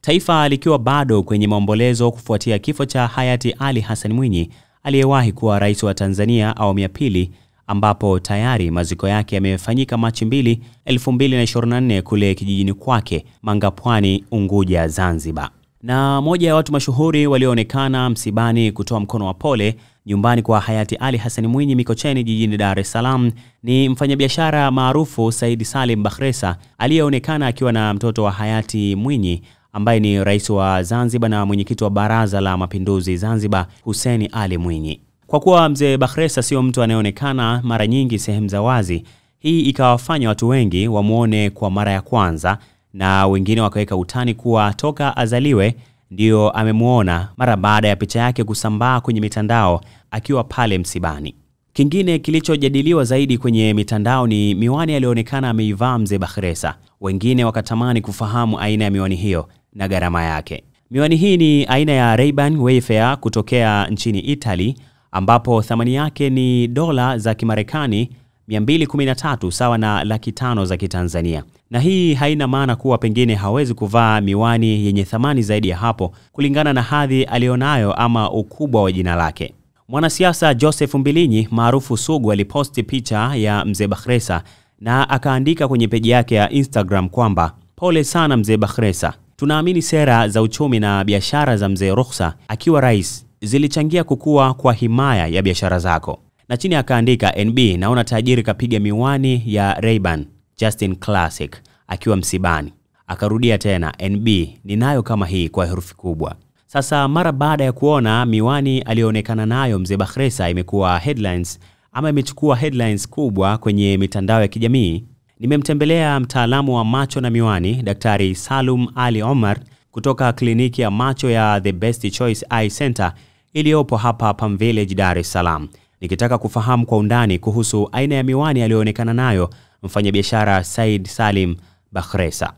Taifa likiwa bado kwenye maombolezo kufuatia kifo cha hayati Ali Hassan Mwinyi aliyewahi kuwa rais wa Tanzania awamu ya pili, ambapo tayari maziko yake yamefanyika Machi 2, 2024 kule kijijini kwake Mangapwani, Unguja, Zanzibar. Na moja ya watu mashuhuri walioonekana msibani kutoa mkono wa pole nyumbani kwa hayati Ali Hassan Mwinyi Mikocheni jijini Dar es Salaam ni mfanyabiashara maarufu Said Salim Bakhresa aliyeonekana akiwa na mtoto wa hayati Mwinyi ambaye ni rais wa Zanzibar na mwenyekiti wa Baraza la Mapinduzi Zanzibar, Hussein Ali Mwinyi. Kwa kuwa mzee Bakhresa sio mtu anayeonekana mara nyingi sehemu za wazi, hii ikawafanya watu wengi wamwone kwa mara ya kwanza, na wengine wakaweka utani kuwa toka azaliwe ndiyo amemwona mara baada ya picha yake kusambaa kwenye mitandao akiwa pale msibani. Kingine kilichojadiliwa zaidi kwenye mitandao ni miwani aliyoonekana ameivaa mzee Bakhresa. Wengine wakatamani kufahamu aina ya miwani hiyo, na gharama yake. Miwani hii ni aina ya Ray-Ban Wayfair kutokea nchini Italy ambapo thamani yake ni dola za Kimarekani 213 sawa na laki tano za Kitanzania. Na hii haina maana kuwa pengine hawezi kuvaa miwani yenye thamani zaidi ya hapo kulingana na hadhi aliyonayo ama ukubwa wa jina lake. Mwanasiasa Joseph Mbilinyi maarufu Sugu aliposti picha ya Mzee Bakhresa na akaandika kwenye peji yake ya Instagram kwamba pole sana Mzee Bakhresa, Tunaamini sera za uchumi na biashara za mzee Ruksa akiwa rais zilichangia kukua kwa himaya ya biashara zako. Na chini akaandika NB, naona tajiri kapiga miwani ya Rayban Justin Classic akiwa msibani. Akarudia tena NB, ninayo kama hii kwa herufi kubwa. Sasa mara baada ya kuona miwani aliyoonekana nayo mzee Bakhresa imekuwa headlines ama imechukua headlines kubwa kwenye mitandao ya kijamii Nimemtembelea mtaalamu wa macho na miwani Daktari Salum Ali Omar kutoka kliniki ya macho ya The Best Choice Eye Center iliyopo hapa Palm Village, Dar es Salaam, nikitaka kufahamu kwa undani kuhusu aina ya miwani aliyoonekana nayo mfanyabiashara Said Salim Bakhresa.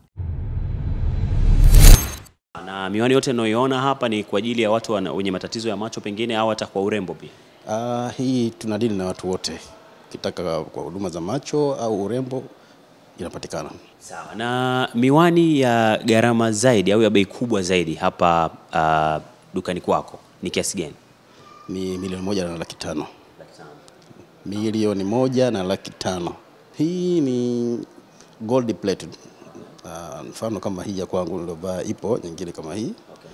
Na miwani yote ninayoiona hapa ni kwa ajili ya watu wenye matatizo ya macho pengine au hata kwa urembo pia? Uh, hii tunadili na watu wote kitaka kwa huduma za macho au urembo inapatikana. Sawa. Na miwani ya gharama zaidi au ya bei kubwa zaidi hapa uh, dukani kwako ni kiasi gani? Ni milioni moja na laki tano. Milioni moja na laki tano. Hii ni gold plated. Uh, mfano kama hii ya kwangu niliovaa ipo nyingine kama hii. Okay.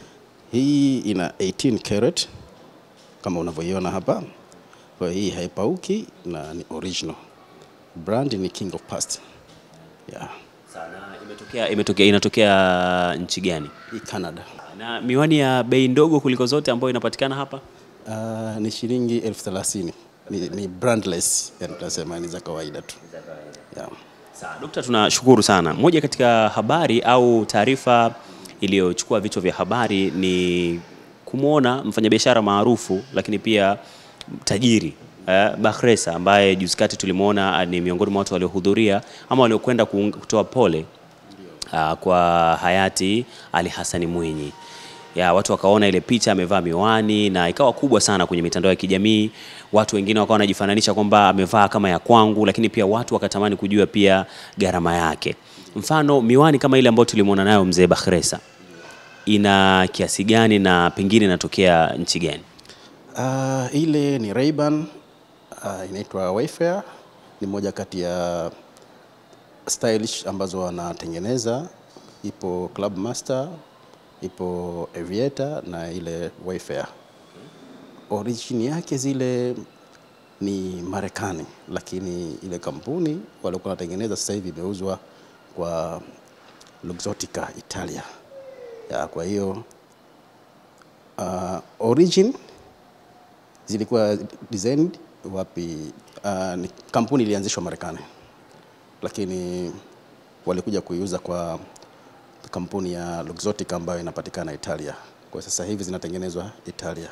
Hii ina 18 karat kama unavyoiona hapa. Kwa hii haipauki na ni original. Brand ni King of Past. Yeah. Sana imetokea imetokea inatokea nchi gani? Canada. Na miwani ya bei ndogo kuliko zote ambayo inapatikana hapa uh, ni shilingi elfu thelathini. Ni, ni brandless, yani tunasema ni za kawaida tu. Yeah. Sawa, tunashukuru sana. Moja katika habari au taarifa iliyochukua vichwa vya habari ni kumwona mfanyabiashara maarufu lakini pia tajiri uh, Bakhresa ambaye juzi kati tulimwona uh, ah, ni miongoni mwa watu waliohudhuria ama waliokwenda kutoa pole uh, kwa hayati Ali Hassan Mwinyi ya watu wakaona ile picha amevaa miwani na ikawa kubwa sana kwenye mitandao ya kijamii. Watu wengine wakawa wanajifananisha kwamba amevaa kama ya kwangu, lakini pia watu wakatamani kujua pia gharama yake. Mfano miwani kama ile ambayo tulimwona nayo mzee Bakhresa ina kiasi gani na pengine inatokea nchi gani? Uh, ile ni Ray-Ban uh, inaitwa Wayfair, ni moja kati ya stylish ambazo wanatengeneza. Ipo Club Master, ipo Aviator na ile Wayfair. Origin yake zile ni Marekani, lakini ile kampuni walikuwa wanatengeneza sasa hivi imeuzwa kwa Luxottica Italia. Ya, kwa hiyo uh, origin zilikuwa designed wapi, uh, ni kampuni ilianzishwa Marekani, lakini walikuja kuiuza kwa kampuni ya Luxottica ambayo inapatikana Italia. Kwa sasa hivi zinatengenezwa Italia.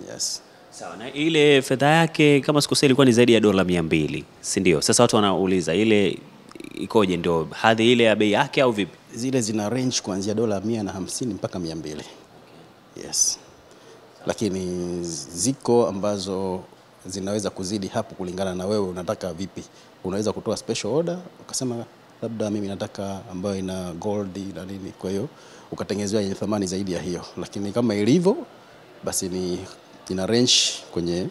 Okay. Yes. Sawa, na ile fedha yake kama sikosea ilikuwa ni zaidi ya dola mia mbili, si ndio? Sasa watu wanauliza ile ikoje, ndio hadhi ile ya bei yake au vipi? Zile zina range kuanzia dola mia na hamsini mpaka mia mbili. Yes, lakini ziko ambazo zinaweza kuzidi hapo, kulingana na wewe unataka vipi. Unaweza kutoa special order ukasema labda mimi nataka ambayo ina gold na nini, kwa hiyo ukatengenezewa yenye thamani zaidi ya hiyo, lakini kama ilivyo basi ni ina range kwenye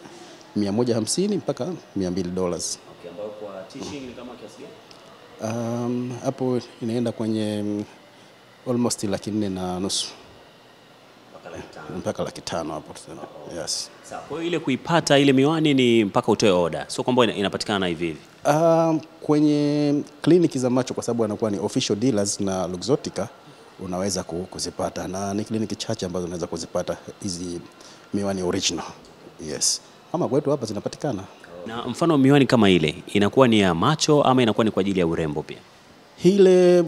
150 mpaka 200 dollars. Okay, ambayo kwa Um, inaenda kwenye almost laki nne na nusu mpaka laki tano hapo tuseme. Yes. Sawa. Kwa hiyo ile kuipata ile miwani ni mpaka utoe oda, sio kwamba inapatikana hivi hivi. uh, kwenye kliniki za macho kwa sababu anakuwa ni official dealers na Luxottica unaweza kuzipata na ni kliniki chache ambazo unaweza kuzipata hizi miwani original. Yes. Ama kwetu hapa zinapatikana. Na mfano miwani kama ile inakuwa ni ya macho ama inakuwa ni kwa ajili ya urembo pia? Ile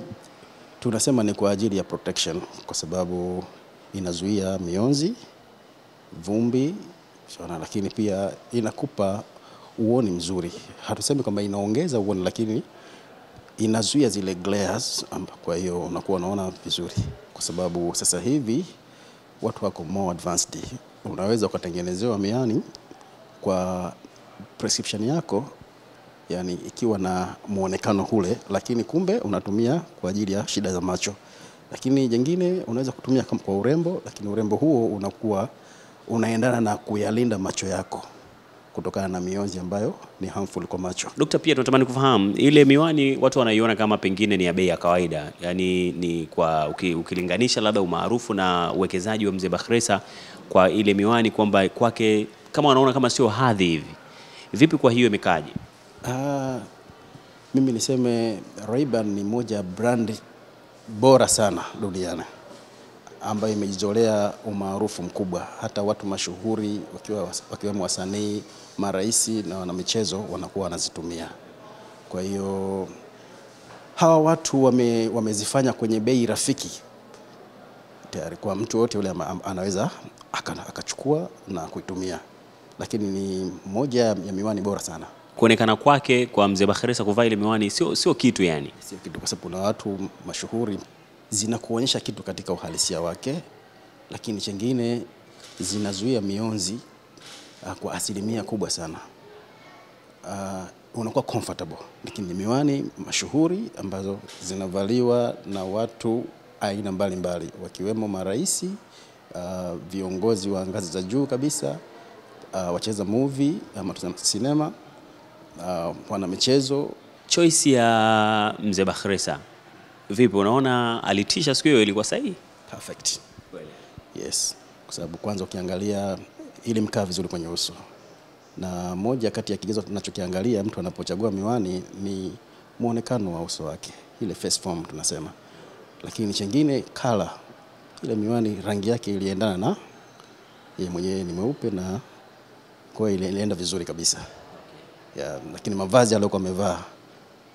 tunasema ni kwa ajili ya protection kwa sababu inazuia mionzi, vumbi shona, lakini pia inakupa uoni mzuri. Hatusemi kwamba inaongeza uoni, lakini inazuia zile glares, kwa hiyo unakuwa unaona vizuri, kwa sababu sasa hivi watu wako more advanced. Unaweza ukatengenezewa miani kwa prescription yako yani ikiwa na mwonekano ule, lakini kumbe unatumia kwa ajili ya shida za macho. Lakini jengine unaweza kutumia kwa urembo, lakini urembo huo unakuwa unaendana na kuyalinda macho yako kutokana na mionzi ambayo ni harmful kwa macho. Dokta, pia tunatamani kufahamu ile miwani watu wanaiona kama pengine ni ya bei ya kawaida, yaani ni kwa ukilinganisha labda umaarufu na uwekezaji wa mzee Bakhresa kwa ile miwani kwamba kwake kama wanaona kama sio hadhi hivi. Vipi kwa hiyo imekaje? Ah, mimi niseme Ray-Ban ni moja brand bora sana duniani ambayo imejizolea umaarufu mkubwa. Hata watu mashuhuri wakiwa wakiwemo wasanii, marais na wanamichezo wanakuwa wanazitumia. Kwa hiyo hawa watu wame, wamezifanya kwenye bei rafiki tayari kwa mtu yote yule anaweza akachukua na kuitumia, lakini ni moja ya miwani bora sana kuonekana kwake kwa mzee Bakhresa kuvaa ile miwani sio sio kitu yani, sio kitu, kwa sababu kuna watu mashuhuri zinakuonyesha kitu katika uhalisia wake, lakini chengine zinazuia mionzi uh, kwa asilimia kubwa sana. Uh, unakuwa comfortable, lakini ni miwani mashuhuri ambazo zinavaliwa na watu aina mbalimbali wakiwemo marais uh, viongozi wa ngazi za juu kabisa uh, wacheza movie ama sinema uh, michezo Choice ya mzee Bakhresa vipi, unaona alitisha siku hiyo, ilikuwa sahihi? Perfect. Yes, kwa sababu kwanza ukiangalia ili mkaa vizuri kwenye uso na moja kati ya kigezo tunachokiangalia mtu anapochagua miwani ni mwonekano wa uso wake, ile face form tunasema. Lakini chengine kala, ile miwani rangi yake iliendana na yeye mwenyewe ni mweupe, na kwa ile ilienda vizuri kabisa ya, lakini mavazi aliyokuwa amevaa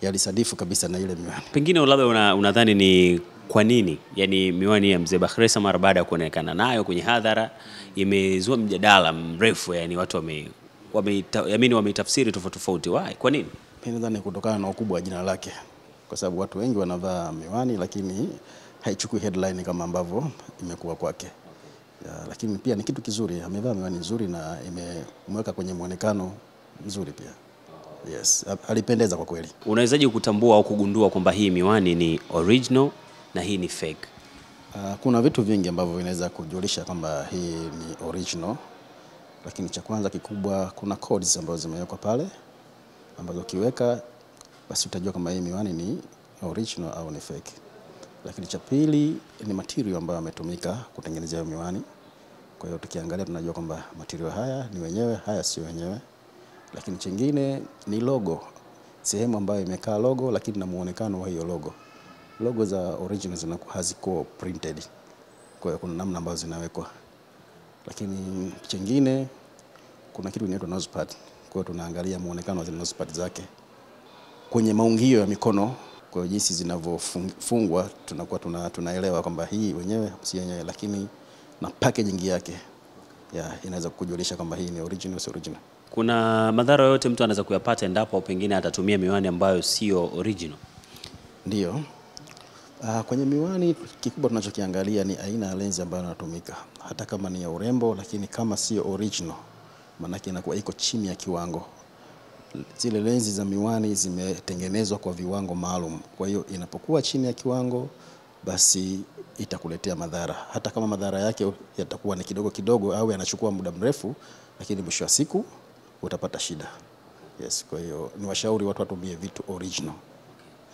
yalisadifu kabisa na ile miwani. Pengine labda una, unadhani ni kwa nini yani miwani ya mzee Bakhresa mara baada ya kuonekana nayo kwenye hadhara imezua mjadala mrefu, yani watu wame wameamini yaani wameitafsiri tofauti tofauti. Why? Kwa nini? Mimi nadhani kutokana na ukubwa wa jina lake, kwa sababu watu wengi wanavaa miwani, lakini haichukui headline kama ambavyo imekuwa kwake. Ya, lakini pia ni kitu kizuri, amevaa miwani nzuri na imemweka kwenye mwonekano mzuri pia. Yes, alipendeza kwa kweli. Unawezaje kutambua au kugundua kwamba hii miwani ni original na hii ni fake? Uh, kuna vitu vingi ambavyo vinaweza kujulisha kwamba hii ni original, lakini cha kwanza kikubwa, kuna codes ambazo zimewekwa pale ambazo ukiweka basi utajua kwamba hii miwani ni original au ni fake. Lakini cha pili ni material ambayo ametumika kutengenezea miwani. Kwa hiyo tukiangalia tunajua kwamba material haya ni wenyewe, haya sio wenyewe. Lakini chingine ni logo, sehemu ambayo imekaa logo, lakini na muonekano wa hiyo logo. Logo za original zinakuwa hazikuwa printed, kwa hiyo kuna namna ambazo zinawekwa. Lakini chingine, kuna kitu kinaitwa pad, kwa hiyo tunaangalia muonekano wa zile nose pad zake kwenye maungio ya mikono kwa hiyo jinsi zinavyofungwa tunakuwa tuna, tunaelewa kwamba hii wenyewe si yenyewe, lakini na packaging yake ya, inaweza kukujulisha kwamba hii ni original, si original kuna madhara yote mtu anaweza kuyapata endapo pengine atatumia miwani ambayo sio original? Ndiyo. Uh, kwenye miwani kikubwa tunachokiangalia ni aina ya lenzi ambayo inatumika, hata kama ni ya urembo, lakini kama sio original, maanake inakuwa iko chini ya kiwango. Zile lenzi za miwani zimetengenezwa kwa viwango maalum, kwa hiyo inapokuwa chini ya kiwango, basi itakuletea madhara, hata kama madhara yake yatakuwa ni kidogo kidogo au yanachukua muda mrefu, lakini mwisho wa siku utapata shida. Yes, kwa hiyo ni washauri watu watumie vitu original.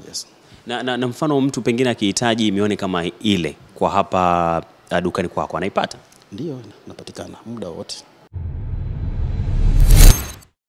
Yes. Na, na, na mfano mtu pengine akihitaji mione kama ile kwa hapa uh, dukani kwako anaipata? Ndiyo, napatikana muda wote.